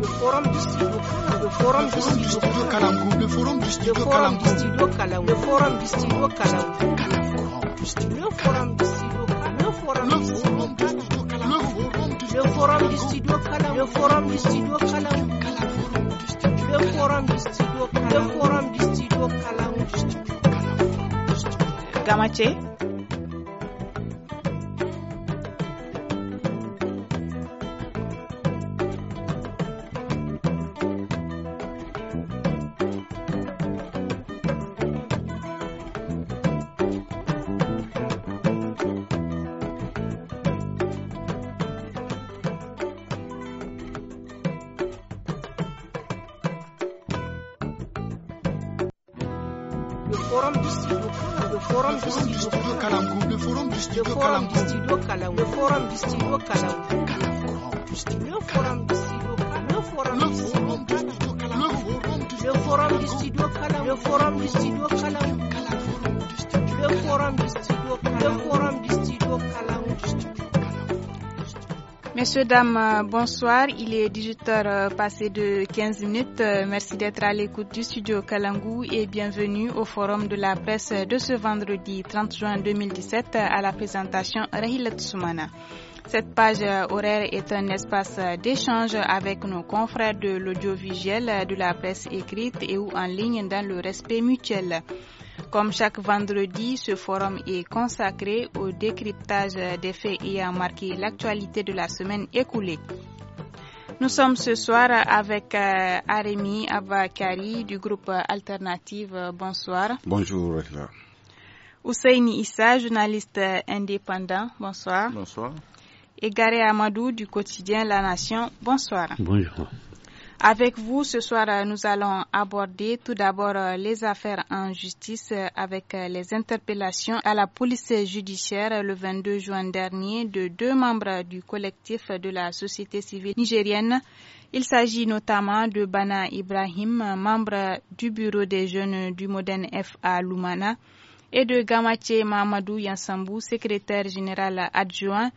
le forum du studio le forum du studio le forum du studio le forum du studio le forum du studio le forum du studio le forum du studio le forum du studio le forum du studio le forum du studio Gamache Monsieur, dames, euh, bonsoir. Il est 18h euh, passé de 15 minutes. Euh, merci d'être à l'écoute du studio Kalangou et bienvenue au forum de la presse de ce vendredi 30 juin 2017 à la présentation Rahila sumana. Cette page euh, horaire est un espace euh, d'échange avec nos confrères de l'audiovisuel, euh, de la presse écrite et ou en ligne dans le respect mutuel. Comme chaque vendredi, ce forum est consacré au décryptage des faits ayant marqué l'actualité de la semaine écoulée. Nous sommes ce soir avec Arémi Abakari du groupe Alternative. Bonsoir. Bonjour, Issa, journaliste indépendant. Bonsoir. Bonsoir. Garé Amadou du quotidien La Nation. Bonsoir. Bonjour. Avec vous, ce soir, nous allons aborder tout d'abord euh, les affaires en justice euh, avec euh, les interpellations à la police judiciaire le 22 juin dernier de deux membres du collectif de la société civile nigérienne. Il s'agit notamment de Bana Ibrahim, membre du bureau des jeunes du Modène F.A. Lumana, et de Gamache Mamadou Yansambou, secrétaire général adjoint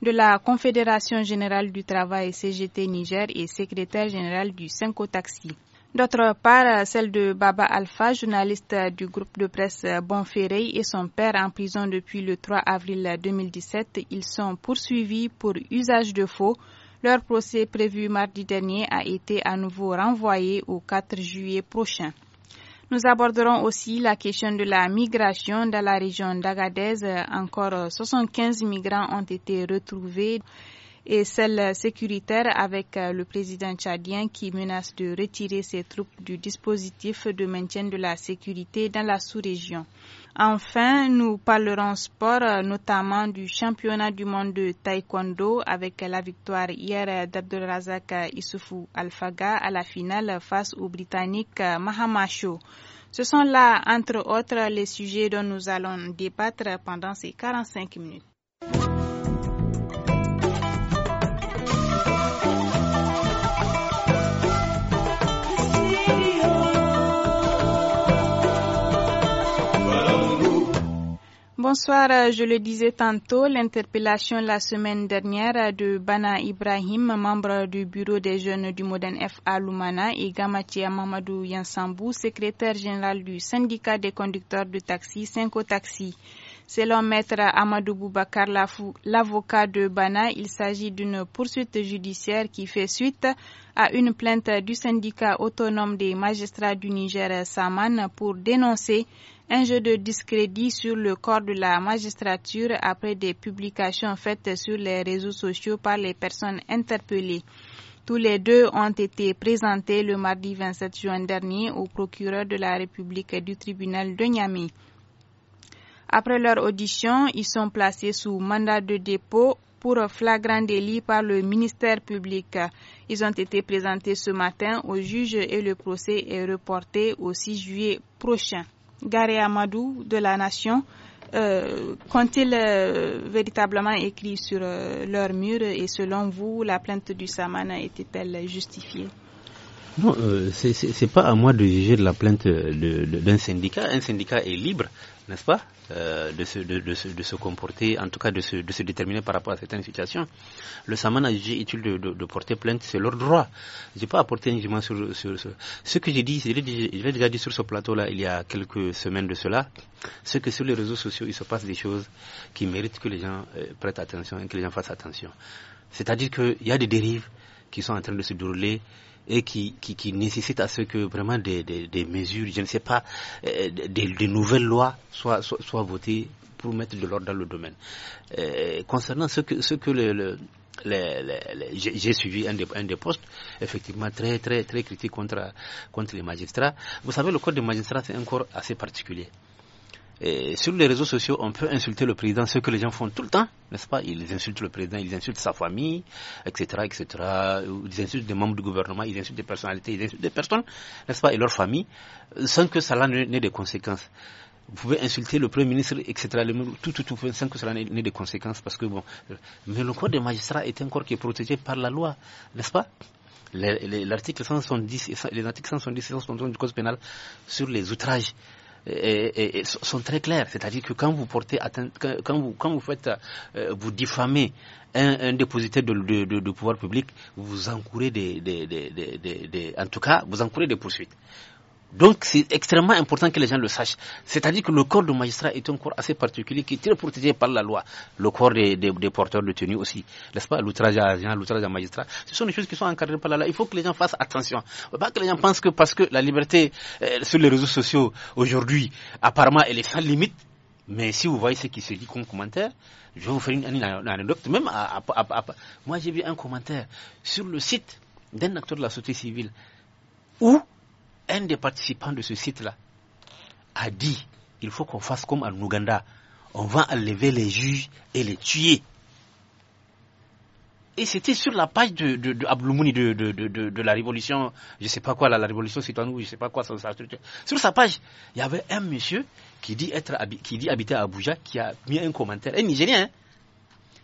de la Confédération générale du travail CGT Niger et secrétaire général du Cinco Taxi. D'autre part, celle de Baba Alpha, journaliste du groupe de presse Bonferrey et son père en prison depuis le 3 avril 2017. Ils sont poursuivis pour usage de faux. Leur procès prévu mardi dernier a été à nouveau renvoyé au 4 juillet prochain. Nous aborderons aussi la question de la migration dans la région d'Agadez. Encore 75 migrants ont été retrouvés et celle sécuritaire avec le président tchadien qui menace de retirer ses troupes du dispositif de maintien de la sécurité dans la sous-région. Enfin, nous parlerons sport, notamment du championnat du monde de taekwondo avec la victoire hier d'Abdelrazak Issoufou Alfaga à la finale face au Britannique Mahamacho. Ce sont là, entre autres, les sujets dont nous allons débattre pendant ces 45 minutes. Bonsoir. Euh, je le disais tantôt, l'interpellation la semaine dernière euh, de Bana Ibrahim, membre du bureau des jeunes du Modène F. à Lumana, et Gamatia Mamadou Yansambou, secrétaire général du syndicat des conducteurs de taxi, Cinco Taxi. Selon Maître Amadou Lafou, l'avocat de Bana, il s'agit d'une poursuite judiciaire qui fait suite à une plainte du syndicat autonome des magistrats du Niger Saman pour dénoncer un jeu de discrédit sur le corps de la magistrature après des publications faites sur les réseaux sociaux par les personnes interpellées. Tous les deux ont été présentés le mardi 27 juin dernier au procureur de la République du tribunal de Niamey. Après leur audition, ils sont placés sous mandat de dépôt pour flagrant délit par le ministère public. Ils ont été présentés ce matin au juge et le procès est reporté au 6 juillet prochain. Garé Amadou de la Nation, euh, qu'ont-ils euh, véritablement écrit sur euh, leur mur et selon vous, la plainte du Samana était-elle justifiée Non, euh, c'est n'est pas à moi de juger de la plainte d'un syndicat. Un syndicat est libre n'est-ce pas, euh, de, se, de, de, se, de, se, comporter, en tout cas de se, de se déterminer par rapport à certaines situations. Le Saman a jugé utile de, porter plainte, c'est leur droit. Je n'ai pas apporté un jugement sur, sur, sur, ce que j'ai dit, je l'ai déjà dit sur ce plateau-là il y a quelques semaines de cela, c'est que sur les réseaux sociaux, il se passe des choses qui méritent que les gens euh, prêtent attention et que les gens fassent attention. C'est-à-dire qu'il y a des dérives qui sont en train de se dérouler et qui, qui, nécessite à ce que vraiment des, mesures, je ne sais pas, euh, des, nouvelles lois soient, votées pour mettre de l'ordre dans le domaine. Euh, concernant ce que, ce que le, j'ai suivi un des, postes, effectivement très très très critique contre contre les magistrats. Vous savez, le code des magistrats c'est un corps assez particulier sur les réseaux sociaux, on peut insulter le président, ce que les gens font tout le temps, n'est-ce pas Ils insultent le président, ils insultent sa famille, etc., etc. Ils insultent des membres du gouvernement, ils insultent des personnalités, ils insultent des personnes, n'est-ce pas, et leur famille, euh, sans que cela n'ait des conséquences. Vous pouvez insulter le Premier ministre, etc., tout, tout, tout, sans que cela n'ait des conséquences, parce que bon... Mais le corps des magistrats est un corps qui est protégé par la loi, n'est-ce pas L'article 170 les articles 170 et 171 du Code pénal sur les outrages et, et, sont très clairs, C'est-à-dire que quand vous portez atteinte, quand vous, quand vous faites, euh, vous diffamez un, un dépositaire de, de, de, pouvoir public, vous encourez des, des, des, des, en tout cas, vous encourez des poursuites. Donc c'est extrêmement important que les gens le sachent. C'est-à-dire que le corps de magistrat est un corps assez particulier qui est très protégé par la loi. Le corps des, porteurs de tenue aussi, n'est-ce pas L'outrage à agent, l'outrage à magistrat. Ce sont des choses qui sont encadrées par la loi. Il faut que les gens fassent attention. Pas que les gens pensent que parce que la liberté euh, sur les réseaux sociaux aujourd'hui, apparemment, elle est sans limite. Mais si vous voyez ce qui se dit comme commentaire, je vais vous faire une, anecdote. Même à, moi, j'ai vu un commentaire sur le site d'un acteur de la société civile où un des participants de ce site-là a dit il faut qu'on fasse comme en Ouganda. On va enlever les juges et les tuer. Et c'était sur la page de, de, de de, la révolution, je ne sais pas quoi, la, révolution citoyenne je je sais pas quoi, sur sa page, il y avait un monsieur qui dit, être, qui dit habiter à Abuja qui a mis un commentaire, un Nigérien, hein,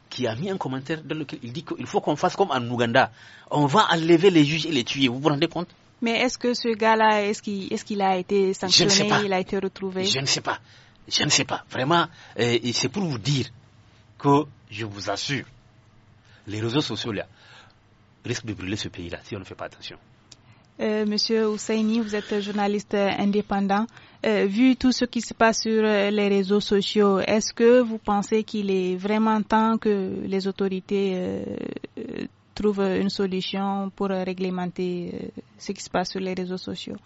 qui a mis un commentaire dans lequel il dit qu'il faut qu'on fasse comme en Ouganda. On va enlever les juges et les tuer. Vous vous rendez compte mais est-ce que ce gars-là, est-ce qu'il a été sanctionné, il a été retrouvé Je ne sais pas. Je ne sais pas. Vraiment, euh, c'est pour vous dire que je vous assure, les réseaux sociaux là risquent de brûler ce pays-là si on ne fait pas attention. Euh, monsieur Ousseini, vous êtes journaliste indépendant. Euh, vu tout ce qui se passe sur les réseaux sociaux, est-ce que vous pensez qu'il est vraiment temps que les autorités trouve une solution pour réglementer euh, ce qui se passe sur les réseaux sociaux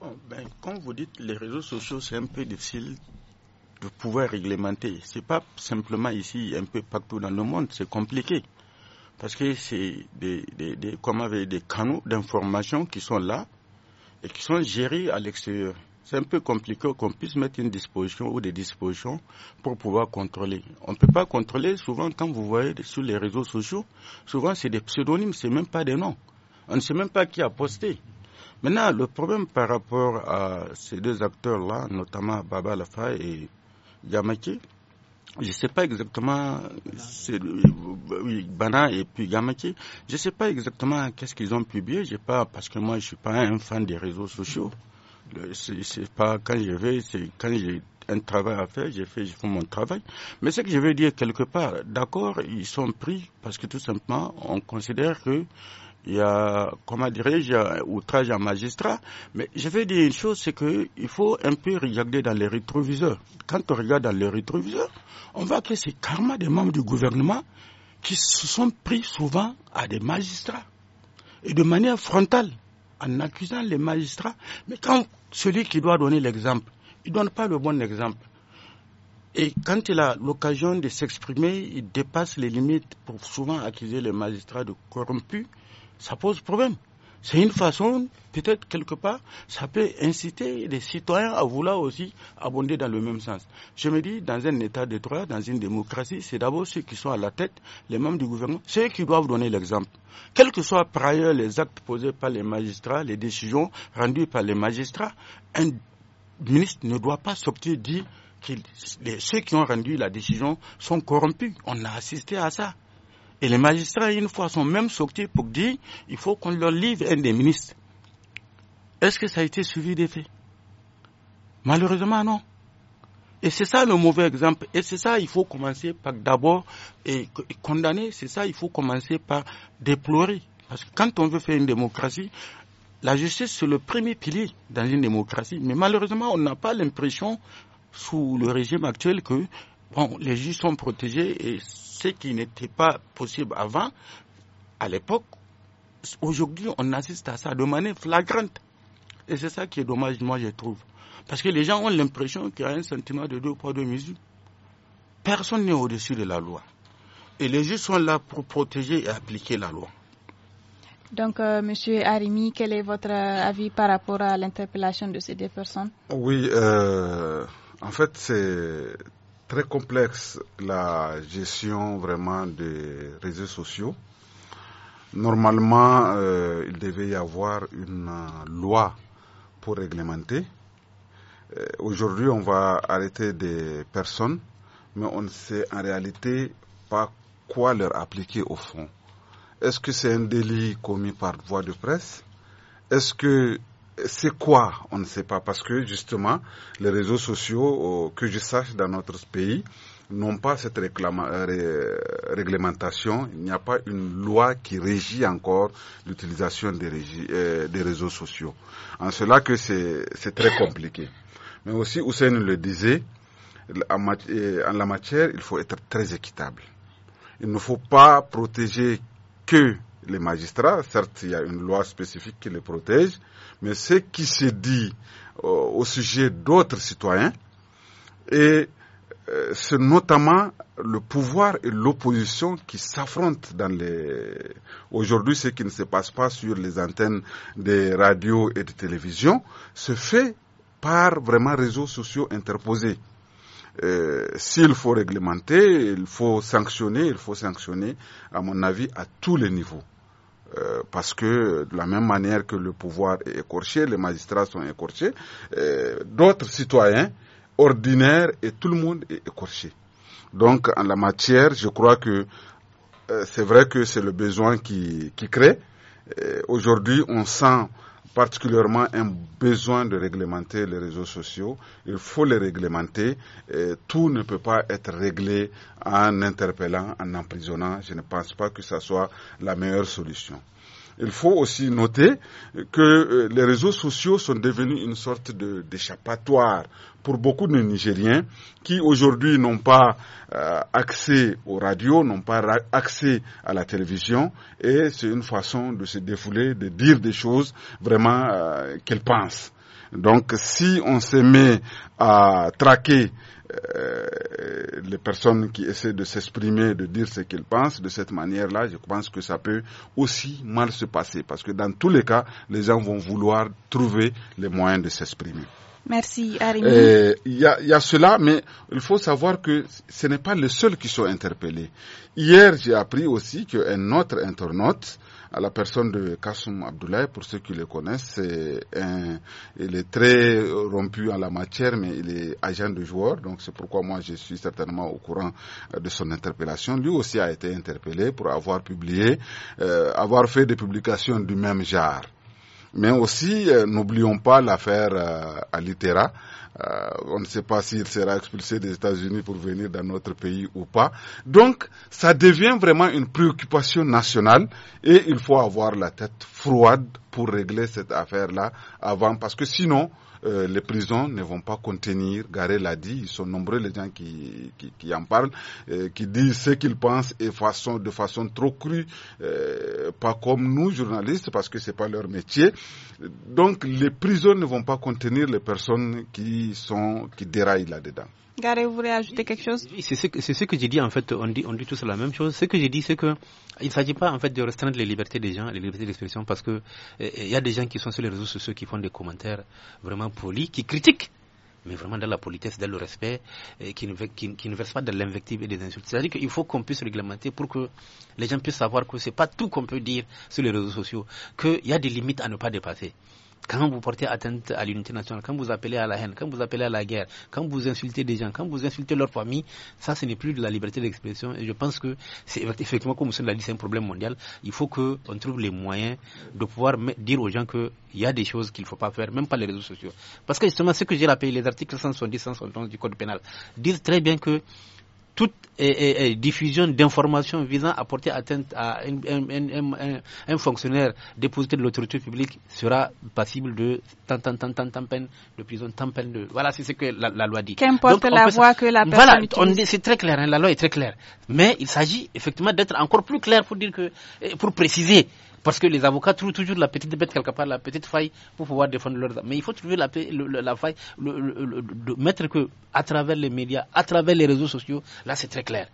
Quand ben, vous dites les réseaux sociaux, c'est un peu difficile de pouvoir réglementer. Ce n'est pas simplement ici, un peu partout dans le monde, c'est compliqué. Parce que c'est des, des, des, des canaux d'information qui sont là et qui sont gérés à l'extérieur c'est un peu compliqué qu'on puisse mettre une disposition ou des dispositions pour pouvoir contrôler. On ne peut pas contrôler souvent quand vous voyez sur les réseaux sociaux, souvent c'est des pseudonymes, c'est même pas des noms. On ne sait même pas qui a posté. Maintenant, le problème par rapport à ces deux acteurs-là, notamment Baba Lafa et Yamaki, je ne sais pas exactement, Bana et puis Gamaki, je ne sais pas exactement qu'est-ce qu'ils ont publié, pas, parce que moi je ne suis pas un fan des réseaux sociaux. C'est pas quand je vais, c'est quand j'ai un travail à faire, j'ai fait, mon travail. Mais ce que je veux dire quelque part, d'accord, ils sont pris parce que tout simplement, on considère que il y a, comment dirais-je, outrage à magistrat. Mais je veux dire une chose, c'est que il faut un peu regarder dans les rétroviseurs. Quand on regarde dans les rétroviseurs, on voit que c'est karma des membres du gouvernement qui se sont pris souvent à des magistrats. Et de manière frontale, en accusant les magistrats. Mais quand, celui qui doit donner l'exemple, il ne donne pas le bon exemple. Et quand il a l'occasion de s'exprimer, il dépasse les limites pour souvent accuser les magistrats de corrompus. Ça pose problème. C'est une façon, peut-être quelque part, ça peut inciter les citoyens à vouloir aussi abonder dans le même sens. Je me dis, dans un État de droit, dans une démocratie, c'est d'abord ceux qui sont à la tête, les membres du gouvernement, ceux qui doivent donner l'exemple. Quels que soient par ailleurs les actes posés par les magistrats, les décisions rendues par les magistrats, un ministre ne doit pas sortir dire que ceux qui ont rendu la décision sont corrompus. On a assisté à ça. Et les magistrats, une fois, sont même sortis pour dire il faut qu'on leur livre un des ministres. Est-ce que ça a été suivi des faits Malheureusement, non. Et c'est ça le mauvais exemple. Et c'est ça, il faut commencer par d'abord condamner. C'est ça, il faut commencer par déplorer. Parce que quand on veut faire une démocratie, la justice, c'est le premier pilier dans une démocratie. Mais malheureusement, on n'a pas l'impression, sous le régime actuel, que Bon, les juges sont protégés et ce qui n'était pas possible avant, à l'époque, aujourd'hui, on assiste à ça de manière flagrante. Et c'est ça qui est dommage, moi, je trouve. Parce que les gens ont l'impression qu'il y a un sentiment de deux poids, deux mesures. Personne n'est au-dessus de la loi. Et les juges sont là pour protéger et appliquer la loi. Donc, euh, Monsieur Arimi, quel est votre euh, avis par rapport à l'interpellation de ces deux personnes Oui, euh, en fait, c'est très complexe la gestion vraiment des réseaux sociaux. Normalement, euh, il devait y avoir une euh, loi pour réglementer. Euh, aujourd'hui, on va arrêter des personnes, mais on ne sait en réalité pas quoi leur appliquer au fond. Est-ce que c'est un délit commis par voie de presse Est-ce que c'est quoi On ne sait pas parce que justement, les réseaux sociaux, euh, que je sache, dans notre pays, n'ont pas cette euh, réglementation. Il n'y a pas une loi qui régit encore l'utilisation des, euh, réseaux sociaux. En cela que c'est très compliqué. Mais aussi, Hussein le disait, en la matière, il faut être très équitable. Il ne faut pas protéger que les magistrats, certes, il y a une loi spécifique qui les protège, mais ce qui se dit euh, au sujet d'autres citoyens, et euh, c'est notamment le pouvoir et l'opposition qui s'affrontent dans les... Aujourd'hui, ce qui ne se passe pas sur les antennes des radios et de télévisions se fait par vraiment réseaux sociaux interposés. Euh, s'il faut réglementer, il faut sanctionner, il faut sanctionner, à mon avis, à tous les niveaux. Euh, parce que de la même manière que le pouvoir est écorché, les magistrats sont écorchés, euh, d'autres citoyens ordinaires et tout le monde est écorché. Donc en la matière, je crois que euh, c'est vrai que c'est le besoin qui, qui crée. Euh, aujourd'hui, on sent particulièrement un besoin de réglementer les réseaux sociaux. Il faut les réglementer. tout ne peut pas être réglé en interpellant, en emprisonnant. Je ne pense pas que ce soit la meilleure solution. Il faut aussi noter que euh, les réseaux sociaux sont devenus une sorte d'échappatoire pour beaucoup de Nigériens qui aujourd'hui n'ont pas euh, accès aux radios, n'ont pas accès à la télévision et c'est une façon de se défouler, de dire des choses vraiment euh, qu'elles pensent. Donc si on se met à traquer euh, les personnes qui essaient de s'exprimer, de dire ce qu'ils pensent de cette manière-là, je pense que ça peut aussi mal se passer parce que dans tous les cas, les gens vont vouloir trouver les moyens de s'exprimer. Merci, Arimi. Euh, il y, a, y, a, cela, mais il faut savoir que ce n'est pas les seuls qui sont interpellés. Hier, j'ai appris aussi qu'un autre internaute à la personne de Kassoum Abdoulaye, pour ceux qui le connaissent, il est très rompu en la matière, mais il est agent de joueur, donc c'est pourquoi moi je suis certainement au courant euh, de son interpellation. Lui aussi a été interpellé pour avoir publié, euh, avoir fait des publications du même genre. Mais aussi, euh, n'oublions pas l'affaire Alitera, euh, on ne sait pas s'il sera expulsé des États-Unis pour venir dans notre pays ou pas. Donc, ça devient vraiment une préoccupation nationale et il faut avoir la tête froide pour régler cette affaire-là avant, parce que sinon, euh, les prisons ne vont pas contenir, Garé l'a dit, ils sont nombreux les gens qui, qui, en parlent, euh, qui disent ce qu'ils pensent et façon, de façon trop crue, euh, pas comme nous journalistes parce que c'est pas leur métier. Donc les prisons ne vont pas contenir les personnes qui sont qui déraillent là-dedans. Gare, vous voulez ajouter quelque chose Oui, c'est ce que, j'ai dit en fait, on dit, on dit tous la même chose. Ce que j'ai dit, c'est qu'il ne s'agit pas en fait de restreindre les libertés des gens, les libertés d'expression, parce qu'il eh, eh, il y a des gens qui sont sur les réseaux sociaux qui font des commentaires vraiment polis, qui critiquent mais vraiment dans la politesse, dans le respect, et eh, qui, ne, versent pas de l'invective et des insultes. C'est-à-dire qu'il faut qu'on puisse réglementer pour que les gens puissent savoir que ce n'est pas tout qu'on peut dire sur les réseaux sociaux, qu'il y a des limites à ne pas dépasser. Quand vous portez atteinte à l'unité nationale, quand vous appelez à la haine, quand vous appelez à la guerre, quand vous insultez des gens, quand vous insultez leur famille, ça, ce n'est plus de la liberté d'expression. Et je pense que c'est effectivement, comme Monsieur l'a dit, c'est un problème mondial. Il faut qu'on trouve les moyens de pouvoir dire aux gens qu'il y a des choses qu'il ne faut pas faire, même pas les réseaux sociaux. Parce que justement, ce que j'ai rappelé, les articles 170, 171 du Code pénal, disent très bien que toute et, diffusion d'informations visant à porter atteinte à un, fonctionnaire déposé de l'autorité publique sera passible de tant, tant, tant, tant, tant peine de prison, tant peine de... Voilà, c'est ce que la, loi dit. Qu'importe la voie que la personne Voilà, c'est très clair, hein, la loi est très claire. Mais il s'agit effectivement d'être encore plus clair pour dire que... pour préciser parce que les avocats trouvent toujours la petite bête quelque part, la petite faille pour pouvoir défendre leurs. Mais il faut trouver la, faille, de mettre que à travers les médias, à travers les réseaux sociaux, là c'est très clair.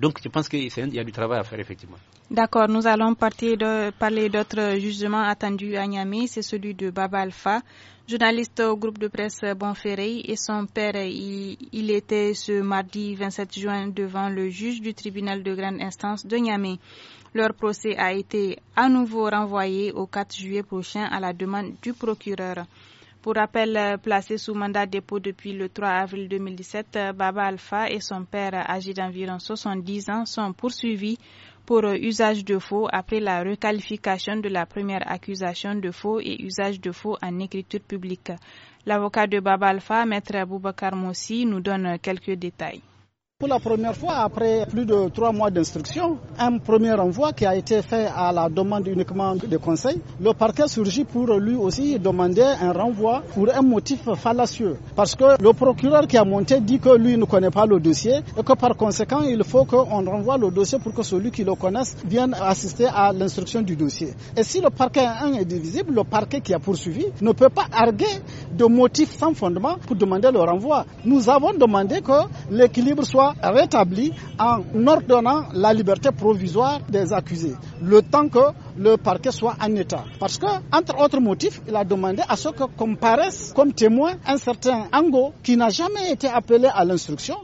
Donc je pense qu'il y a du travail à faire effectivement. D'accord, nous allons partir de, parler d'autres jugements attendus à Niamey, c'est celui de Baba Alpha, journaliste au groupe de presse Bonferré et son père, il, il, était ce mardi 27 juin devant le juge du tribunal de grande instance de Niamey. Leur procès a été à nouveau renvoyé au 4 juillet prochain à la demande du procureur. Pour rappel, euh, placé sous mandat dépôt depuis le 3 avril 2017, euh, Baba Alpha et son père, âgé d'environ 70 ans, sont poursuivis pour euh, usage de faux après la requalification de la première accusation de faux et usage de faux en écriture publique. L'avocat de Baba Alpha, maître Aboubakar Mossi, nous donne quelques détails. Pour la première fois, après plus de trois mois d'instruction, un premier renvoi qui a été fait à la demande uniquement de conseils, le parquet surgit pour lui aussi demander un renvoi pour un motif fallacieux. Parce que le procureur qui a monté dit que lui ne connaît pas le dossier et que par conséquent, il faut qu'on renvoie le dossier pour que celui qui le connaisse vienne assister à l'instruction du dossier. Et si le parquet 1 est divisible, le parquet qui a poursuivi ne peut pas arguer de motifs sans fondement pour demander le renvoi. Nous avons demandé que l'équilibre soit rétabli en ordonnant la liberté provisoire des accusés, le temps que le parquet soit en état. Parce que, entre autres motifs, il a demandé à ce que comparaisse comme témoin un certain Ango qui n'a jamais été appelé à l'instruction.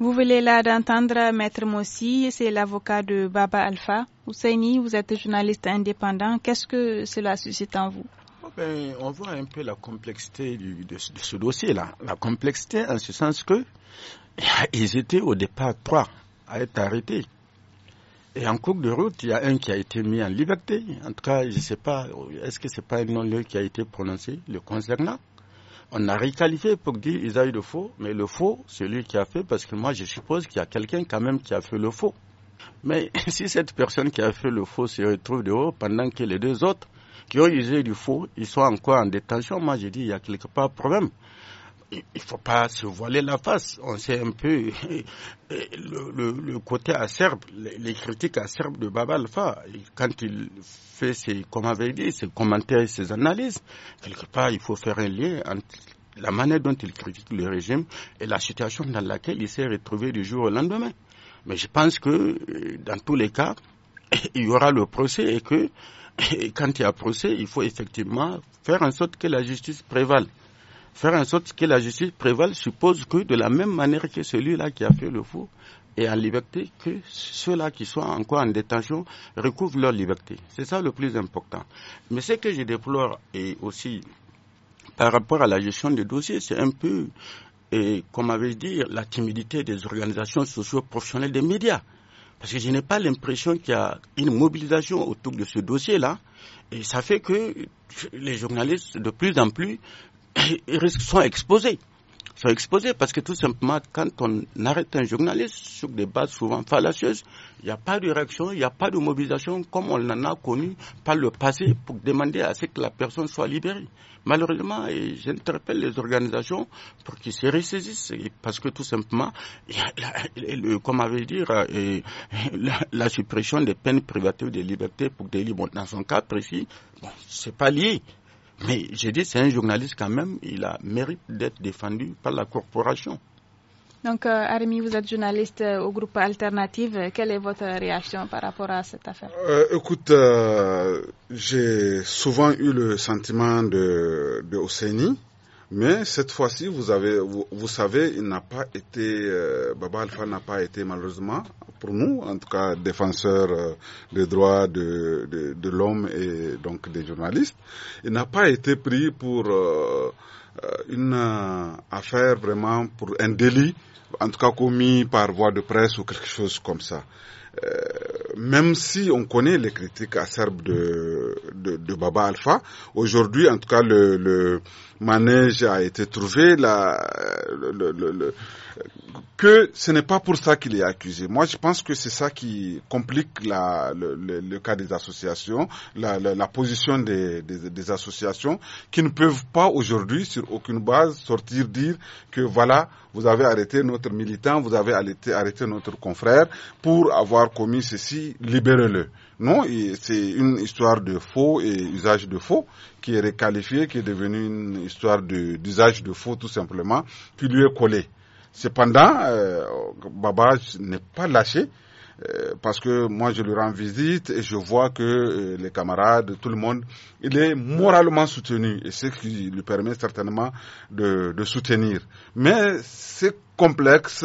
Vous venez là d'entendre Maître Mossi, c'est l'avocat de Baba Alpha. Ousseini, vous êtes journaliste indépendant. Qu'est-ce que cela suscite en vous oh ben, on voit un peu la complexité de, ce dossier-là. La complexité en ce sens que Ils étaient au départ trois à être arrêtés. Et en cours de route, il y a un qui a été mis en liberté. En tout cas, je ne sais pas, est-ce que ce n'est pas un nom lieu qui a été prononcé le concernant On a réqualifié pour dire qu'ils ont eu le faux, mais le faux, c'est lui qui a fait, parce que moi, je suppose qu'il y a quelqu'un quand même qui a fait le faux. Mais si cette personne qui a fait le faux se retrouve dehors pendant que les deux autres qui ont usé du faux, ils sont encore en détention, moi, je dis, il y a quelque part problème il ne faut pas se voiler la face. On sait un peu le, côté acerbe, les critiques acerbes de Baba Quand il fait ses, comme dit, ses commentaires et ses analyses, quelque part, il faut faire un lien entre la manière dont il critique le régime et la situation dans laquelle il s'est retrouvé du jour au lendemain. Mais je pense que, euh, dans tous les cas, il y aura le procès et que, quand il y a procès, il faut effectivement faire en sorte que la justice prévale faire en sorte que la justice prévale suppose que de la même manière que celui-là qui a fait le faux est en liberté, que ceux-là qui sont encore en détention recouvrent leur liberté. C'est ça le plus important. Mais ce que je déplore et aussi par rapport à la gestion des dossiers, c'est un peu, et, comme avait dit, la timidité des organisations socio-professionnelles des médias. Parce que je n'ai pas l'impression qu'il y a une mobilisation autour de ce dossier-là. Et ça fait que les journalistes, de plus en plus, sont exposés. Sont exposés parce que tout simplement, quand on arrête un journaliste sur des bases souvent fallacieuses, il n'y a pas de réaction, il n'y a pas de mobilisation comme on en a connu par le passé pour demander à ce que la personne soit libérée. Malheureusement, j'interpelle les organisations pour qu'ils se ressaisissent parce que tout simplement, comme avait dit, euh, la, suppression des peines privatives de liberté pour des libres, dans son cas précis, bon, c'est pas lié. Mais j'ai dit, c'est un journaliste quand même, il a mérite d'être défendu par la corporation. Donc, euh, vous êtes journaliste euh, au groupe Alternative. Quelle est votre réaction par rapport à cette affaire euh, Écoute, euh, j'ai souvent eu le sentiment de, de mais cette fois-ci, vous, avez, vous, savez, il n'a pas été, euh, Baba Alpha n'a pas été malheureusement, pour nous, en tout cas, défenseur euh, des droits de, de, l'homme et donc des journalistes, il n'a pas été pris pour euh, euh, une affaire vraiment, pour un délit, en tout cas commis par voie de presse ou quelque chose comme ça même si on connaît les critiques acerbes de, de, de Baba Alpha, aujourd'hui, en tout cas, le, le manège a été trouvé, la, que ce n'est pas pour ça qu'il est accusé. Moi, je pense que c'est ça qui complique le, cas des associations, la, position des, associations, qui ne peuvent pas aujourd'hui, sur aucune base, sortir dire que voilà, vous avez arrêté notre militant, vous avez arrêté, arrêté notre confrère pour avoir commis ceci, libérez-le. Non, c'est une histoire de faux et usage de faux qui est réqualifiée, qui est devenue une histoire d'usage de, faux tout simplement, qui lui est collée. Cependant, euh, Baba n'est pas lâché. Euh, parce que moi je lui rends visite et je vois que euh, les camarades, tout le monde, il est moralement soutenu et ce qui lui permet certainement de, soutenir. Mais c'est complexe,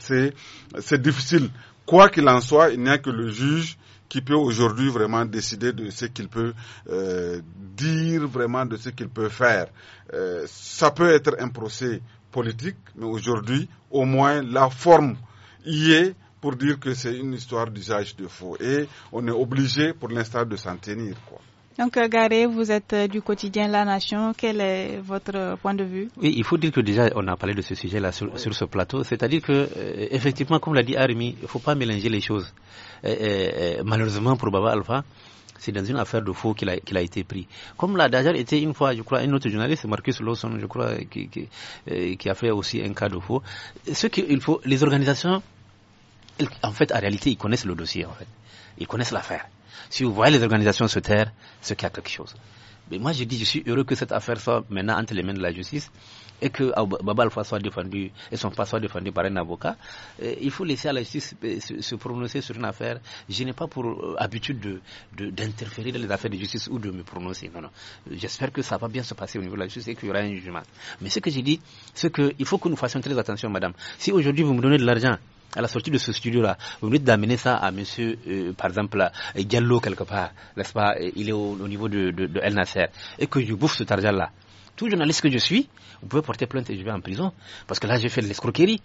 c'est difficile. Quoi qu'il en soit, il n'y a que le juge qui peut aujourd'hui vraiment décider de ce qu'il peut dire, vraiment de ce qu'il peut faire. ça peut être un procès politique, mais aujourd'hui, au moins, la forme y est pour dire que c'est une histoire d'usage de faux. Et on est obligé, pour l'instant, de s'en tenir. Donc, euh, Garé, vous êtes euh, du quotidien La Nation. Quel est votre point de vue Oui, il faut dire que déjà, on a parlé de ce sujet-là sur, ce plateau. C'est-à-dire que, euh, effectivement, comme l'a dit Armi, il ne faut pas mélanger les choses. malheureusement, pour Baba Alpha, c'est dans une affaire de faux qu'il a, a, été pris. Comme l'a déjà été une fois, je crois, un autre journaliste, Marcus Lawson, je crois, qui, qui, euh, qui a fait aussi un cas de faux. Ce qu'il faut, les organisations, en fait, en réalité, ils connaissent le dossier, en fait. Ils connaissent l'affaire. Si vous voyez les organisations se taire, c'est qu'il y a quelque chose. Mais moi, je dis, je suis heureux que cette affaire soit maintenant entre les mains de la justice et que ah, Baba Alfa soit défendu et son pas soit défendu par un avocat, euh, il faut laisser à la justice euh, se, prononcer sur une affaire. Je n'ai pas pour euh, habitude d'interférer de, dans les affaires de justice ou de me prononcer. Non, non. J'espère que ça va bien se passer au niveau de la justice et qu'il y aura un jugement. Mais ce que j'ai dit, c'est qu'il faut que nous fassions très attention, madame. Si aujourd'hui vous me donnez de l'argent, à la sortie de ce studio-là, vous venez d'amener ça à monsieur, par exemple, Gallo quelque part, n'est-ce pas Il est au, niveau de, El Nasser. Et que je bouffe ce argent-là tout journaliste que je suis, vous pouvez porter plainte et je vais en prison, parce que là, j'ai fait de l'escroquerie.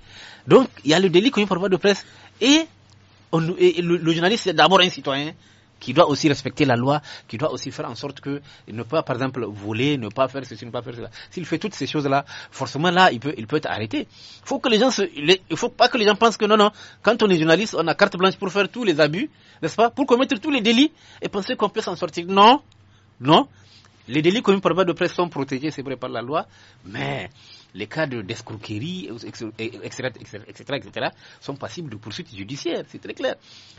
Donc, il y a le délit qu'on pour voir de presse. Et, le, journaliste, c'est d'abord un citoyen qui doit aussi respecter la loi, qui doit aussi faire en sorte que ne pas, par exemple, voler, ne pas faire ceci, ne pas faire cela. S'il fait toutes ces choses-là, forcément, là, il peut, il peut être arrêté. Il faut que les gens se, faut pas que les gens pensent que non, non, quand on est journaliste, on a carte blanche pour faire tous les abus, n'est-ce pas, pour commettre tous les délits et penser qu'on peut s'en sortir. Non, non. Les délits commis par le de presse sont protégés, c'est vrai, par la loi, mais les cas d'escroquerie, etc., etc., etc., sont passibles de poursuites judiciaires, c'est très clair.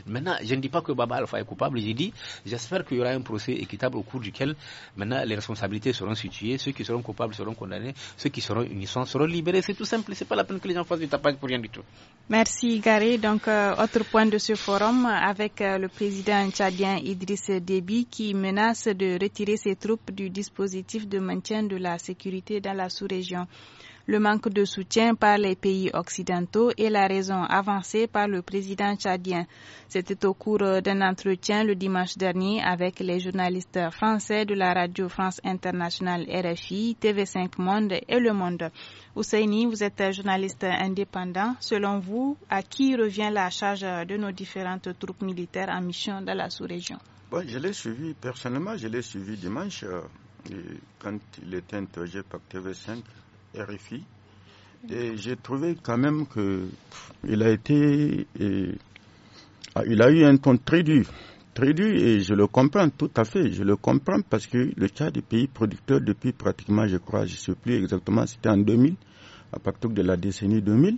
Maintenant, je ne dis pas que Baba Alpha est coupable, j'ai dit, j'espère qu'il y aura un procès équitable au cours duquel, maintenant, les responsabilités seront situées, ceux qui seront coupables seront condamnés, ceux qui seront innocents seront libérés, c'est tout simple, c'est pas la peine que les gens fassent du tapage pour rien du tout. Merci, Gary. Donc, euh, autre point de ce forum, avec euh, le président tchadien Idriss Déby, qui menace de retirer ses troupes du dispositif de maintien de la sécurité dans la sous-région. Le manque de soutien par les pays occidentaux et la raison avancée par le président tchadien. C'était au cours d'un entretien le dimanche dernier avec les journalistes français de la radio France Internationale RFI, TV5 Monde et Le Monde. Ousseini, vous êtes un journaliste indépendant. Selon vous, à qui revient la charge de nos différentes troupes militaires en mission dans la sous-région Je l'ai suivi personnellement, je l'ai suivi dimanche. Euh, quand il était interrogé par TV5, RFI. Et j'ai trouvé quand même que il a été, ah, il a eu un ton très dur, et je le comprends tout à fait. Je le comprends parce que le cas des pays producteur depuis pratiquement, je crois, je ne sais plus exactement, c'était en 2000, à partir de la décennie 2000.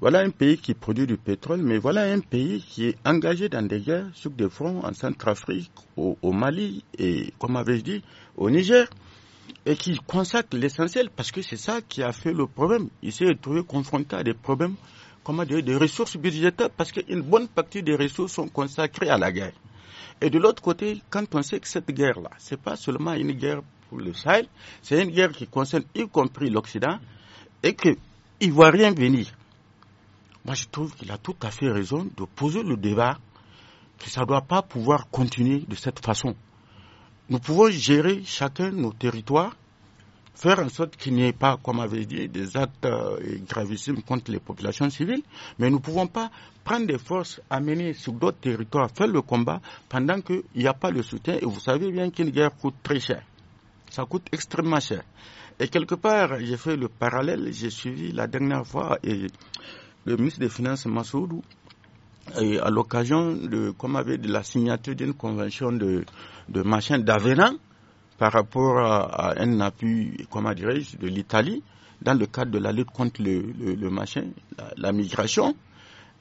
Voilà un pays qui produit du pétrole, mais voilà un pays qui est engagé dans des guerres sur des fronts en Centrafrique, au, Mali et, comme avais-je dit, au Niger et qu'il consacre l'essentiel parce que c'est ça qui a fait le problème. Il s'est retrouvé confronté à des problèmes, comment dire, des ressources budgétaires parce qu'une bonne partie des ressources sont consacrées à la guerre. Et de l'autre côté, quand on sait que cette guerre-là, c'est pas seulement une guerre pour le Sahel, c'est une guerre qui concerne y compris l'Occident et qu'il ne voit rien venir. Moi, je trouve qu'il a tout à fait raison de poser le débat que ça ne doit pas pouvoir continuer de cette façon. Nous pouvons gérer chacun nos territoires, faire en sorte qu'il n'y ait pas, comme avait dit, des actes euh, gravissimes contre les populations civiles, mais nous ne pouvons pas prendre des forces, amener sur d'autres territoires, faire le combat, pendant qu'il n'y a pas le soutien. Et vous savez bien qu'une guerre coûte très cher. Ça coûte extrêmement cher. Et quelque part, j'ai fait le parallèle, j'ai suivi la dernière fois le ministre des Finances Massoudou, à l'occasion de, comme avait de la signature d'une convention de de machin d'avenant par rapport à, un appui, comment dirais-je, de l'Italie dans le cadre de la lutte contre le, le, machin, la, migration.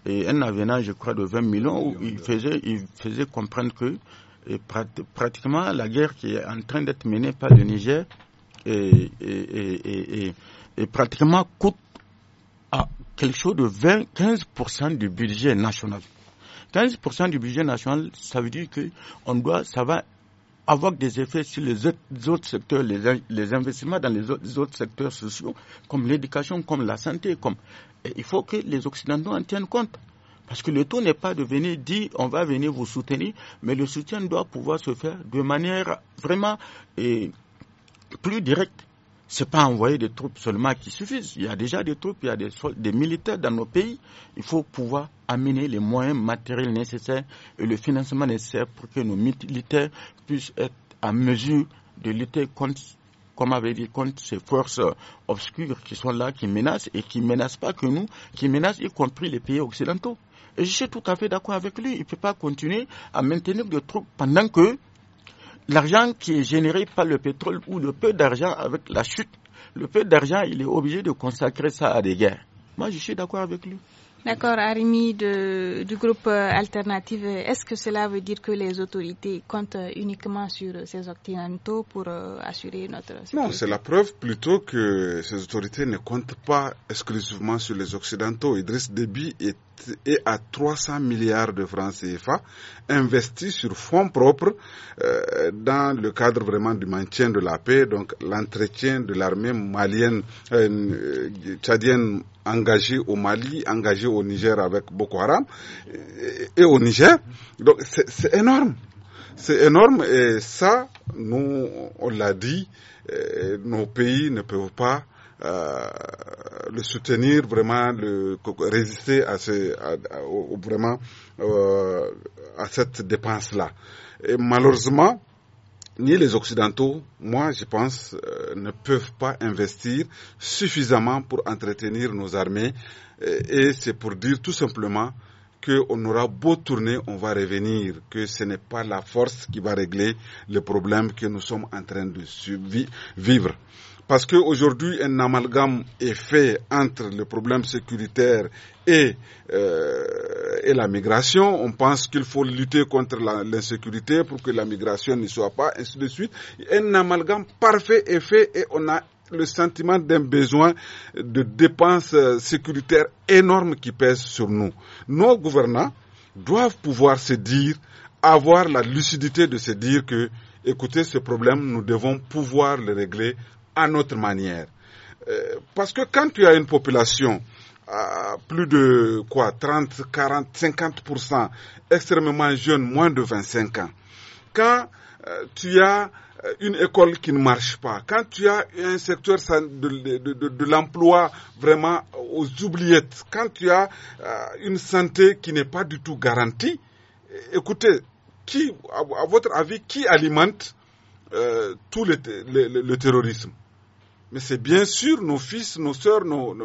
Et un avenant, je crois, de 20 millions où il faisait, il faisait comprendre que pratiquement la guerre qui est en train d'être menée par le Niger et pratiquement coûte à quelque chose de 20, 15% du budget national. 15% du budget national, ça veut dire que on doit, ça va avoir des effets sur les autres secteurs, les, investissements dans les autres secteurs sociaux, comme l'éducation, comme la santé, comme il faut que les Occidentaux en tiennent compte. Parce que le tout n'est pas de venir dire on va venir vous soutenir, mais le soutien doit pouvoir se faire de manière vraiment plus directe. C'est pas envoyer des troupes seulement qui suffisent. Il y a déjà des troupes, il y a des, militaires dans nos pays. Il faut pouvoir amener les moyens matériels nécessaires et le financement nécessaire pour que nos militaires puissent être à mesure de lutter contre comme avait dit, contre ces forces obscures qui sont là, qui menacent et qui menacent pas que nous, qui menacent y compris les pays occidentaux. Et je suis tout à fait d'accord avec lui. Il ne peut pas continuer à maintenir des troupes pendant que l'argent qui est généré par le pétrole ou le peu d'argent avec la chute, le peu d'argent, il est obligé de consacrer ça à des guerres. Moi, je suis d'accord avec lui. D'accord, Arimi de, du groupe euh, Alternative, est-ce que cela veut dire que les autorités comptent euh, uniquement sur euh, ces occidentaux pour assurer notre sécurité Non, c'est la preuve plutôt que ces autorités ne comptent pas exclusivement sur les occidentaux. Idriss Déby est et à 300 milliards de francs CFA investis sur fonds propres euh, dans le cadre vraiment du maintien de la paix, donc l'entretien de l'armée malienne, euh, euh tchadienne engagée au Mali, engagée au Niger avec Boko Haram et, au Niger. Donc c'est énorme. C'est énorme et ça, nous, on l'a dit, euh, nos pays ne peuvent pas euh, le soutenir vraiment, le, résister à vraiment euh, à cette dépense-là. Et malheureusement, ni les Occidentaux, moi je pense, euh, ne peuvent pas investir suffisamment pour entretenir nos armées. Et, et c'est pour dire tout simplement qu'on aura beau tourner, on va revenir, que ce n'est pas la force qui va régler le problème que nous sommes en train de vivre. Parce qu'aujourd'hui, un amalgame est fait entre le problème sécuritaire et, euh, et la migration. On pense qu'il faut lutter contre l'insécurité pour que la migration n'y soit pas, ainsi de suite. Un amalgame parfait est fait et on a le sentiment d'un besoin de dépenses euh, sécuritaires énormes qui pèsent sur nous. Nos gouvernants doivent pouvoir se dire, avoir la lucidité de se dire que, écoutez, ce problème, nous devons pouvoir le régler à notre manière. Euh, parce que quand tu as une population à euh, plus de quoi 30, 40, 50% extrêmement jeune, moins de 25 ans, quand euh, tu as une école qui ne marche pas, quand tu as un secteur de, l'emploi vraiment aux oubliettes, quand tu as une santé qui n'est pas du tout garantie, écoutez, qui, à, votre avis, qui alimente tout le terrorisme mais c'est bien sûr nos fils, nos soeurs, nos,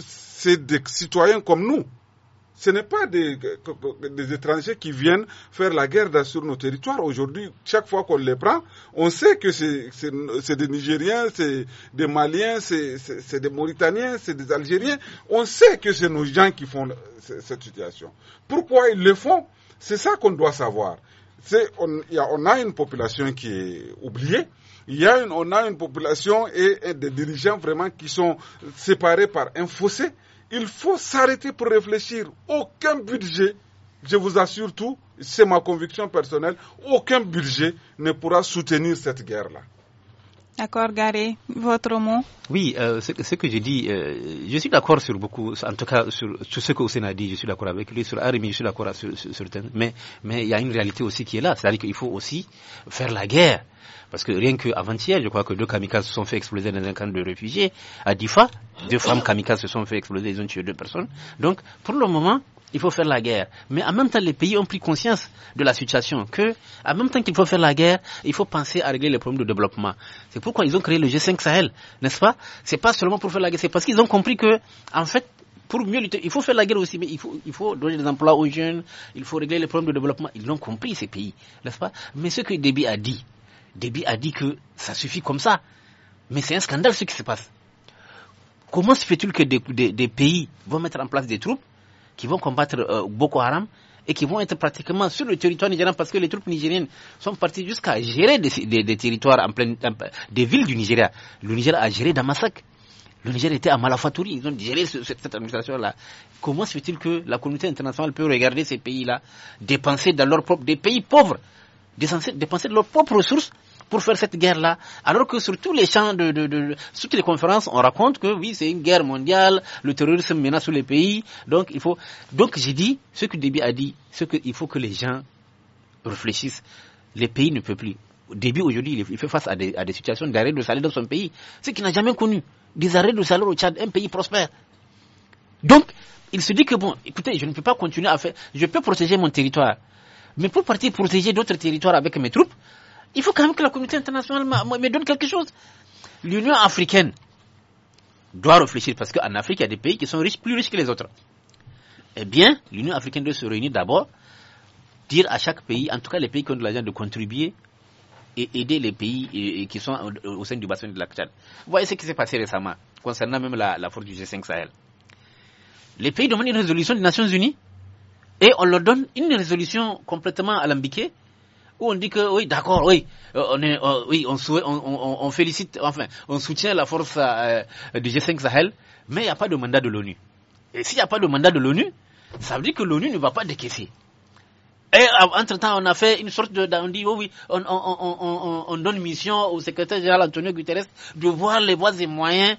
c'est des citoyens comme nous. Ce n'est pas des, étrangers qui viennent faire la guerre sur nos territoires. Aujourd'hui, chaque fois qu'on les prend, on sait que c'est des Nigériens, c'est des Maliens, c'est des Mauritaniens, c'est des Algériens. On sait que c'est nos gens qui font cette situation. Pourquoi ils le font C'est ça qu'on doit savoir. on a une population qui est oubliée il y a une, on a une population et, et des dirigeants vraiment qui sont séparés par un fossé. Il faut s'arrêter pour réfléchir. Aucun budget, je vous assure tout, c'est ma conviction personnelle, aucun budget ne pourra soutenir cette guerre-là. D'accord, Gary, votre mot Oui, euh, ce, que j'ai dit, euh, je suis d'accord sur beaucoup, en tout cas sur tout ce que Hussein a dit, je suis d'accord avec lui, sur Arimi, je suis d'accord sur, mais, mais il y a une réalité aussi qui est là, c'est-à-dire qu'il faut aussi faire la guerre. Parce que rien qu'avant-hier, je crois que deux kamikazes se sont fait exploser dans un camp de réfugiés à Difa, deux femmes kamikazes se sont fait exploser, ils ont tué deux personnes. Donc, pour le moment, il faut faire la guerre. Mais en même temps, les pays ont pris conscience de la situation, que, en même temps qu'il faut faire la guerre, il faut penser à régler les problèmes de développement. C'est pourquoi ils ont créé le G5 Sahel, n'est-ce pas C'est pas seulement pour faire la guerre, c'est parce qu'ils ont compris que, en fait, pour mieux lutter, il faut faire la guerre aussi, mais il faut, il faut donner des emplois aux jeunes, il faut régler les problèmes de développement. Ils l'ont compris, ces pays, n'est-ce pas Mais ce que Déby a dit, Déby a dit que ça suffit comme ça. Mais c'est un scandale ce qui se passe. Comment se fait-il que des pays vont mettre en place des troupes qui vont combattre euh, Boko Haram et qui vont être pratiquement sur le territoire nigérian parce que les troupes nigériennes sont parties jusqu'à gérer des, territoires en pleine, des villes du Nigeria. Le Nigeria a géré Damasak. Le Niger était à Malafatouri, ils ont géré cette, administration-là. Comment se fait-il que la communauté internationale peut regarder ces pays-là dépenser dans leurs propres, des pays pauvres, dépenser de leurs propres ressources pour faire cette guerre-là. Alors que sur tous les champs de, toutes les conférences, on raconte que oui, c'est une guerre mondiale, le terrorisme menace tous les pays. Donc il faut, donc j'ai dit, ce que Déby a dit, ce qu'il faut que les gens réfléchissent. Les pays ne peuvent plus. Déby aujourd'hui, il fait face à des, à des situations d'arrêt de salaire dans son pays, ce qu'il n'a jamais connu. Des arrêts de salaire au Tchad, un pays prospère. Donc, il se dit que bon, écoutez, je ne peux pas continuer à faire, je peux protéger mon territoire. Mais pour partir protéger d'autres territoires avec mes troupes, il faut quand même que la communauté internationale me donne quelque chose. L'Union africaine doit réfléchir parce qu'en Afrique, il y a des pays qui sont riches, plus riches que les autres. Eh bien, l'Union africaine doit se réunir d'abord, dire à chaque pays, en tout cas les pays qui ont de l'argent, de contribuer et aider les pays qui sont au sein du bassin de la Vous voyez ce qui s'est passé récemment, concernant même la, la force du G5 Sahel. Les pays demandent une résolution des Nations Unies et on leur donne une résolution complètement alambiquée où on dit que oui, d'accord, oui, euh, on est, euh, oui, on, on, on, félicite, enfin, on soutient la force euh, du G5 Sahel, mais il n'y a pas de mandat de l'ONU. Et s'il n'y a pas de mandat de l'ONU, ça veut dire que l'ONU ne va pas décaisser. Et entre-temps, on a fait une sorte de... On dit, oh oui, on, on, on, on donne mission au secrétaire général Antonio Guterres de voir les voies et moyens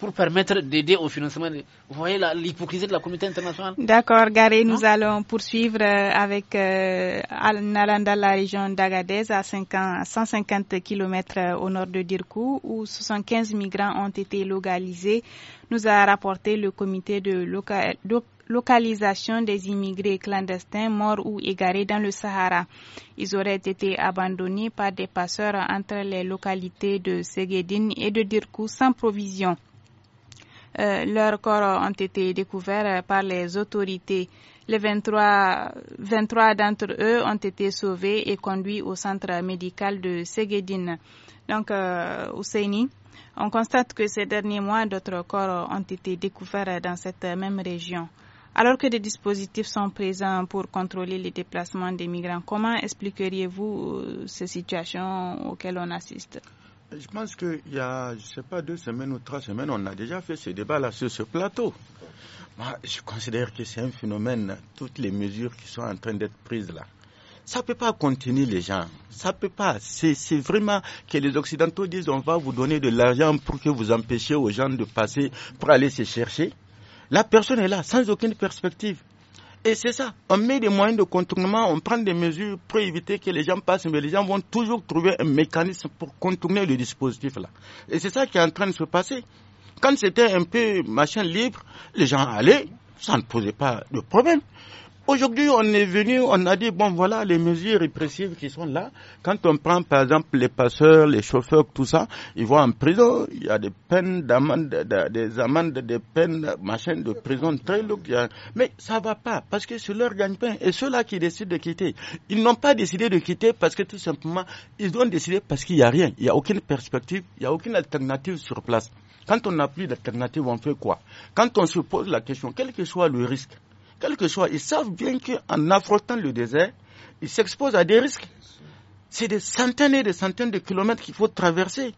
pour permettre d'aider au financement. vous voyez l'hypocrisie de la communauté internationale. D'accord, Garé, nous hein? allons poursuivre euh, avec euh, Nalanda, la région d'Agadez, à 150 km euh, au nord de Dirkou, où 75 migrants ont été localisés, nous a rapporté le comité de, localisation des immigrés clandestins morts ou égarés dans le Sahara. Ils auraient été abandonnés par des passeurs entre les localités de Segedine et de Dirkou sans provision. Euh, leurs corps ont été découverts par les autorités. Les 23, 23 d'entre eux ont été sauvés et conduits au centre médical de Segedine. Donc, euh, on constate que ces derniers mois, d'autres corps ont été découverts dans cette même région. Alors que des dispositifs sont présents pour contrôler les déplacements des migrants, comment expliqueriez-vous euh, ces situations auxquelles on assiste je pense qu'il y a, je sais pas, deux semaines ou trois semaines, on a déjà fait ce débat-là sur ce plateau. Moi, je considère que c'est un phénomène, toutes les mesures qui sont en train d'être prises là. Ça ne peut pas continuer les gens. Ça peut pas. C'est vraiment que les Occidentaux disent on va vous donner de l'argent pour que vous empêchiez aux gens de passer, pour aller se chercher. La personne est là, sans aucune perspective. Et c'est ça. On met des moyens de contournement, on prend des mesures pour éviter que les gens passent, mais les gens vont toujours trouver un mécanisme pour contourner le dispositif là. Et c'est ça qui est en train de se passer. Quand c'était un peu machin libre, les gens allaient, ça ne posait pas de problème. Aujourd'hui, on est venu, on a dit, bon, voilà les mesures répressives qui sont là. Quand on prend, par exemple, les passeurs, les chauffeurs, tout ça, ils vont en prison. Il y a des peines d'amende, des amendes, des peines, machin, de prison très lourdes. Mais ça va pas, parce que c'est leur gagne-pain. Et ceux-là qui décident de quitter, ils n'ont pas décidé de quitter parce que tout simplement, ils ont décidé parce qu'il n'y a rien. Il n'y a aucune perspective, il n'y a aucune alternative sur place. Quand on n'a plus d'alternative, on fait quoi Quand on se pose la question, quel que soit le risque, quel que soit, ils savent bien qu'en affrontant le désert, ils s'exposent à des risques. C'est des centaines et des centaines de kilomètres qu'il faut traverser.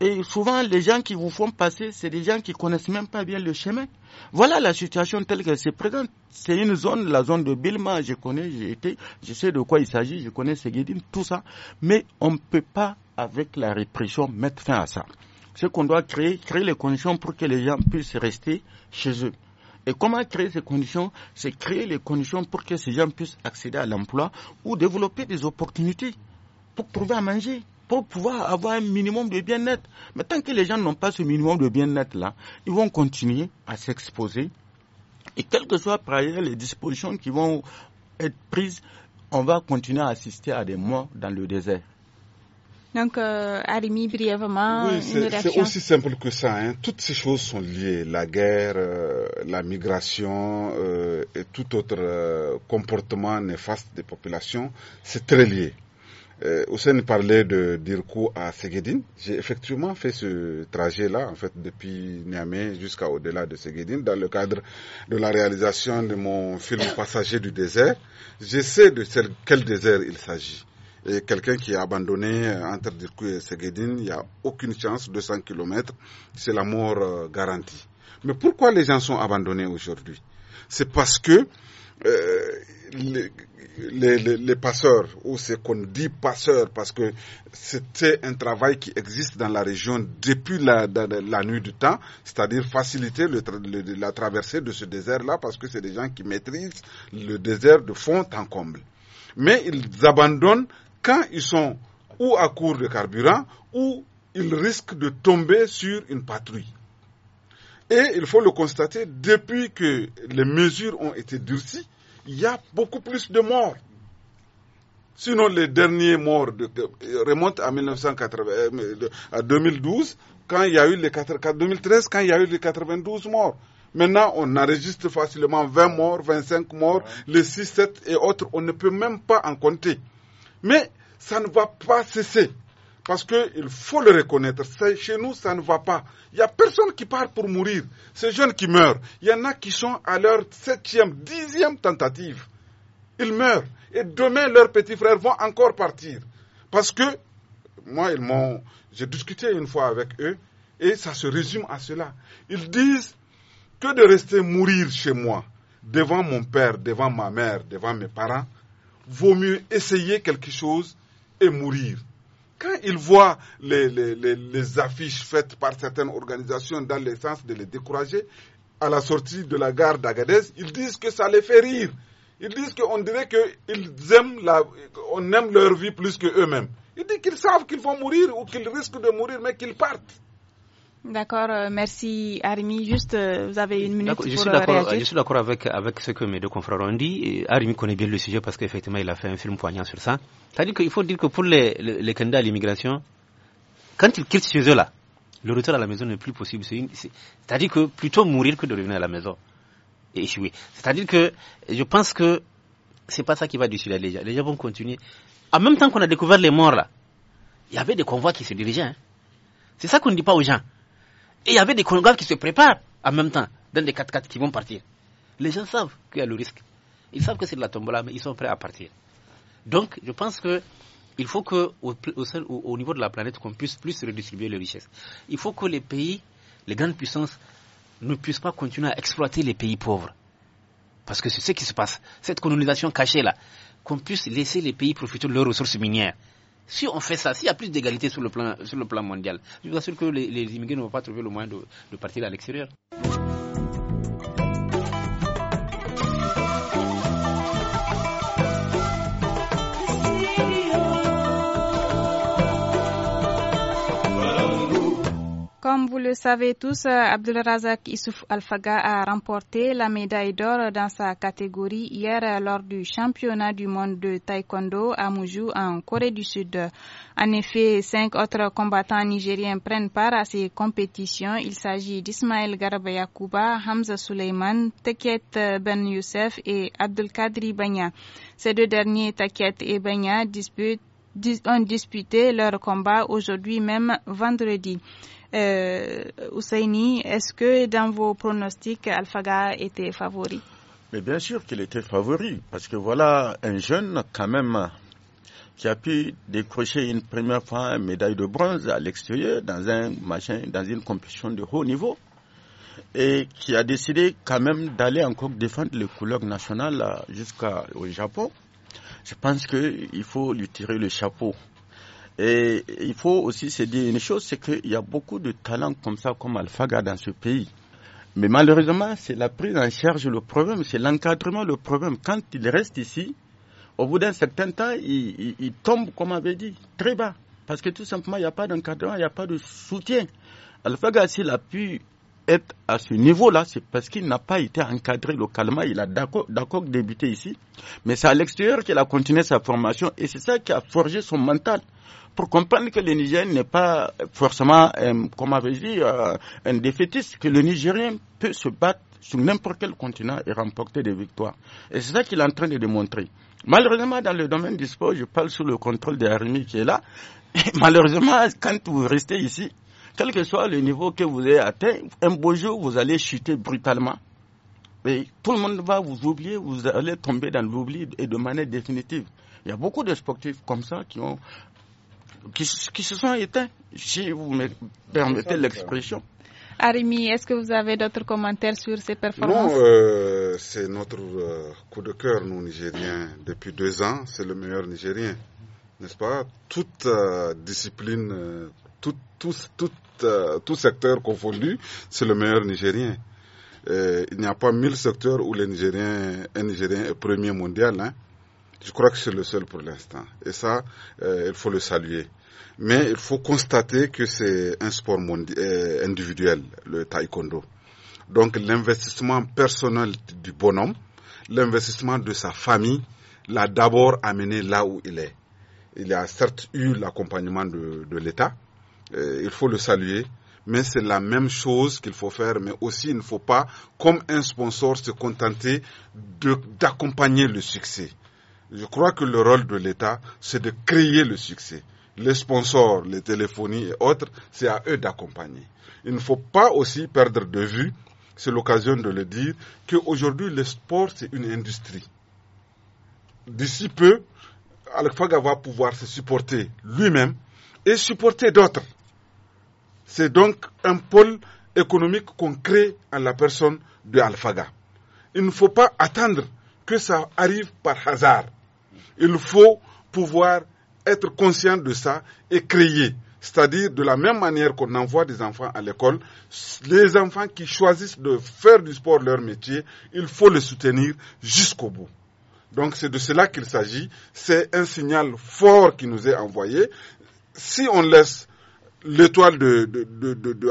Et souvent, les gens qui vous font passer, c'est des gens qui connaissent même pas bien le chemin. Voilà la situation telle qu'elle se présente. C'est une zone, la zone de Bilma, je connais, j'ai été, je sais de quoi il s'agit, je connais Seguedine, tout ça. Mais on ne peut pas, avec la répression, mettre fin à ça. Ce qu'on doit créer, créer les conditions pour que les gens puissent rester chez eux. Et comment créer ces conditions C'est créer les conditions pour que ces gens puissent accéder à l'emploi ou développer des opportunités pour trouver à manger, pour pouvoir avoir un minimum de bien-être. Mais tant que les gens n'ont pas ce minimum de bien-être-là, ils vont continuer à s'exposer. Et quelles que soient par ailleurs les dispositions qui vont être prises, on va continuer à assister à des morts dans le désert. Donc, euh, Arimi, brièvement, oui, c'est aussi simple que ça. Hein. Toutes ces choses sont liées. La guerre, euh, la migration euh, et tout autre euh, comportement néfaste des populations, c'est très lié. Euh, parlait de Dirkou à Segedine. J'ai effectivement fait ce trajet-là, en fait, depuis Niamey jusqu'à au-delà de Segedine, dans le cadre de la réalisation de mon film Passager du désert. Je sais de quel désert il s'agit. Et quelqu'un qui est abandonné euh, entre Dirkou et Seguedine, il n'y a aucune chance, 200 km, c'est la mort euh, garantie. Mais pourquoi les gens sont abandonnés aujourd'hui C'est parce que euh, les, les, passeurs, ou ce qu'on dit passeurs, parce que c'était un travail qui existe dans la région depuis la, la, nuit du temps, c'est-à-dire faciliter la traversée de ce désert-là, parce que c'est des gens qui maîtrisent le désert de fond en comble. Mais ils abandonnent quand ils sont ou à court de carburant ou ils risquent de tomber sur une patrouille. Et il faut le constater, depuis que les mesures ont été durcies, il y a beaucoup plus de morts. Sinon, les derniers morts remontent à, euh, à 2012, quand il y a eu les 2013, quand il y a eu les 92 morts. Maintenant, on enregistre facilement 20 morts, 25 morts, les 6, 7 et autres. On ne peut même pas en compter. Mais ça ne va pas cesser. Parce qu'il faut le reconnaître, chez nous, ça ne va pas. Il n'y a personne qui part pour mourir. Ces jeunes qui meurent, il y en a qui sont à leur septième, dixième tentative. Ils meurent. Et demain, leurs petits frères vont encore partir. Parce que, moi, ils m'ont, j'ai discuté une fois avec eux, et ça se résume à cela. Ils disent que de rester mourir chez moi, devant mon père, devant ma mère, devant mes parents, vaut mieux essayer quelque chose et mourir. Quand ils voient les, affiches faites par certaines organisations dans le sens de les décourager, à la sortie de la gare d'Agadez, ils disent que ça les fait rire. Ils disent qu'on dirait qu'ils aiment la, on aime leur vie plus que eux-mêmes. Ils disent qu'ils savent qu'ils vont mourir ou qu'ils risquent de mourir, mais qu'ils partent. D'accord, euh, merci Arimi. Juste, euh, vous avez une minute pour je suis euh, réagir. Je suis d'accord avec, avec ce que mes deux confrères ont dit. Arimi connaît bien le sujet parce qu'effectivement, il a fait un film poignant sur ça. C'est-à-dire qu'il faut dire que pour les, les, candidats à l'immigration, quand ils quittent chez eux là, le retour à la maison n'est plus possible. C'est-à-dire que plutôt mourir que de revenir à la maison et échouer. C'est-à-dire que je pense que c'est pas ça qui va du les gens. Les gens vont continuer. En même temps qu'on a découvert les morts là, il y avait des convois qui se dirigeaient. Hein. C'est ça qu'on ne dit pas aux gens. Et il y avait des chronographes qui se préparent en même temps, dans des 4x4 qui vont partir. Les gens savent qu'il y a le risque. Ils savent que c'est de la tombola, mais ils sont prêts à partir. Donc, je pense que il faut que, au niveau de la planète, qu'on puisse plus redistribuer les richesses. Il faut que les pays, les grandes puissances, ne puissent pas continuer à exploiter les pays pauvres. Parce que c'est ce qui se passe. Cette colonisation cachée là, qu'on puisse laisser les pays profiter de leurs ressources minières. Si on fait ça, s'il y a plus d'égalité sur, le plan, mondial, je vous assure que les, immigrés ne vont pas trouver le moyen de partir à l'extérieur. vous le savez tous, euh, Abdul Razak Issouf Alfaga a remporté la médaille d'or dans sa catégorie hier euh, lors du championnat du monde de taekwondo à Muju en Corée du Sud. En effet, cinq autres combattants nigériens prennent part à ces compétitions. Il s'agit d'Ismaël Garba Hamza Suleiman, Taket euh, Ben Youssef et Abdul Banya. Ces deux derniers, Taket et Banya, ont disputé leur combat aujourd'hui même vendredi. Euh, est-ce que dans vos pronostics, Alphaga était favori Mais bien sûr qu'il était favori, parce que voilà un jeune quand même qui a pu décrocher une première fois une médaille de bronze à l'extérieur dans un machin, dans une compétition de haut niveau et qui a décidé quand même d'aller encore défendre les couleurs nationales jusqu'au Japon. Je pense qu'il faut lui tirer le chapeau. Et il faut aussi se dire une chose, c'est qu'il y a beaucoup de talents comme ça, comme Alphaga dans ce pays. Mais malheureusement, c'est la prise en charge le problème, c'est l'encadrement le problème. Quand il reste ici, au bout d'un certain temps, il, tombe, comme on avait dit, très bas. Parce que tout simplement, il n'y a pas d'encadrement, il n'y a pas de soutien. Alphaga, s'il a pu être à ce niveau-là, c'est parce qu'il n'a pas été encadré localement. Il a d'accord débuté ici, mais c'est à l'extérieur qu'il a continué sa formation et c'est ça qui a forgé son mental pour comprendre que le Niger n'est pas forcément, euh, comme avait dit, euh, un défaitiste, que le Nigerien peut se battre sur n'importe quel continent et remporter des victoires. Et c'est ça qu'il est en train de démontrer. Malheureusement, dans le domaine du sport, je parle sous le contrôle de l'armée qui est là. malheureusement, quand vous restez ici, quel que soit le niveau que vous avez atteint, un beau jour, vous allez chuter brutalement. Et tout le monde va vous oublier, vous allez tomber dans l'oubli et de manière définitive. Il y a beaucoup de sportifs comme ça qui ont qui, se sont éteints, si vous me permettez l'expression. Arimi, est-ce que vous avez d'autres commentaires sur ces performances Non, euh, c'est notre euh, coup de cœur, nous, Nigériens. Depuis deux ans, c'est le meilleur Nigérien, n'est-ce pas Toute euh, discipline, tout, tout, tout, tout, secteur confondu, c'est le meilleur Nigérien. il n'y a pas mille secteurs où les Nigériens, un Nigérien est premier mondial. Hein je crois que c'est le seul pour l'instant. Et ça, euh, il faut le saluer. Mais il faut constater que c'est un sport euh, individuel, le taekwondo. Donc l'investissement personnel du bonhomme, l'investissement de sa famille, l'a d'abord amené là où il est. Il a certes eu l'accompagnement de, l'État, euh, il faut le saluer, mais c'est la même chose qu'il faut faire, mais aussi il ne faut pas, comme un sponsor, se contenter d'accompagner le succès. Je crois que le rôle de l'État, c'est de créer le succès. Les sponsors, les téléphonies et autres, c'est à eux d'accompagner. Il ne faut pas aussi perdre de vue, c'est l'occasion de le dire, qu'aujourd'hui le sport, c'est une industrie. D'ici peu, Al-Faga va pouvoir se supporter lui-même et supporter d'autres. C'est donc un pôle économique qu'on crée en la personne de faga Il ne faut pas attendre que ça arrive par hasard. Il faut pouvoir être conscient de ça et créer. C'est-à-dire, de la même manière qu'on envoie des enfants à l'école, les enfants qui choisissent de faire du sport leur métier, il faut les soutenir jusqu'au bout. Donc c'est de cela qu'il s'agit. C'est un signal fort qui nous est envoyé. Si on laisse l'étoile de, de,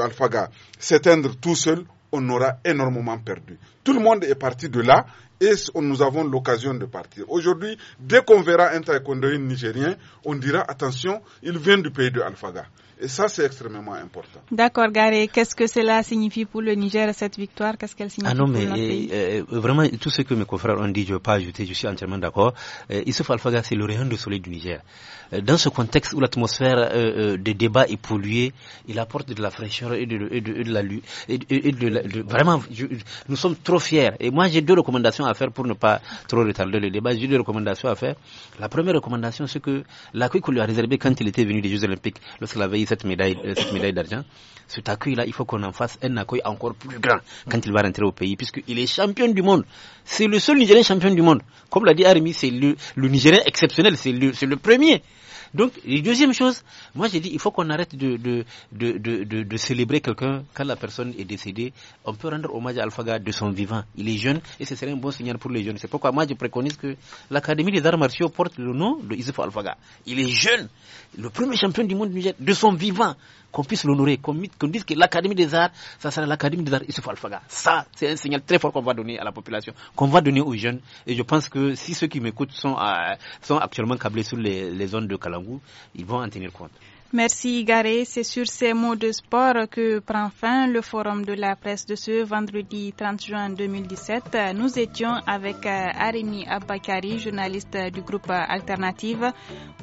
s'éteindre tout seul, on aura énormément perdu. Tout le monde est parti de là et nous avons l'occasion de partir. Aujourd'hui, dès qu'on verra un taekwondoïne nigérien, on dira attention, il vient du pays de Alphaga. Et ça, c'est extrêmement important. D'accord, Gary. Qu'est-ce que cela signifie pour le Niger, cette victoire Qu'est-ce qu'elle signifie Ah non, mais pour pays euh, euh, vraiment, tout ce que mes confrères ont dit, je ne veux pas ajouter, je suis entièrement d'accord. Euh, Issouf Alfaga, c'est le rayon de soleil du Niger. Euh, dans ce contexte où l'atmosphère euh, euh, des débats est polluée, il apporte de la fraîcheur et de, de la lutte Et, vraiment, nous sommes trop fiers. Et moi, j'ai deux recommandations à faire pour ne pas trop retarder le débat. J'ai deux recommandations à faire. La première recommandation, c'est que l'accueil qu'on lui a réservé quand il était venu des Jeux Olympiques, lorsqu'il avait cette médaille, euh, d'argent, cet accueil-là, il faut qu'on en fasse un accueil encore plus grand quand il va rentrer au pays, puisqu'il est champion du monde. C'est le seul Nigérien champion du monde. Comme l'a dit Armi, c'est le, Nigerien exceptionnel, c'est le premier. Donc, deuxième chose, moi j'ai dit, il faut qu'on arrête de, de, de, de, célébrer quelqu'un quand la personne est décédée. On peut rendre hommage à Alphaga de son vivant. Il est jeune et ce serait un bon signal pour les jeunes. C'est pourquoi moi je préconise que l'Académie des arts martiaux porte le nom de Isif Alphaga. Il est jeune, le premier champion du monde de son vivant qu'on puisse l'honorer, qu'on dise que l'Académie des arts, ça sera l'Académie des arts Issouf Alfaga. Ça, c'est un signal très fort qu'on va donner à la population, qu'on va donner aux jeunes. Et je pense que si ceux qui m'écoutent sont, euh, actuellement câblés sur les, zones de Kalangou, ils vont en tenir compte. Merci Garé. C'est sur ces mots de sport que prend fin le forum de la presse de ce vendredi 30 juin 2017. Nous étions avec euh, Arimi Abakari, journaliste du groupe Alternative,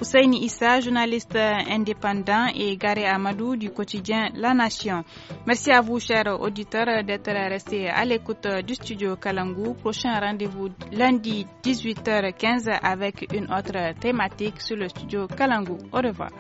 Husseini Issa, journaliste indépendant et Garé Amadou du quotidien La Nation. Merci à vous, chers auditeurs, d'être restés à l'écoute du studio Kalangou. Prochain rendez-vous lundi 18h15 avec une autre thématique sur le studio Kalangou. Au revoir.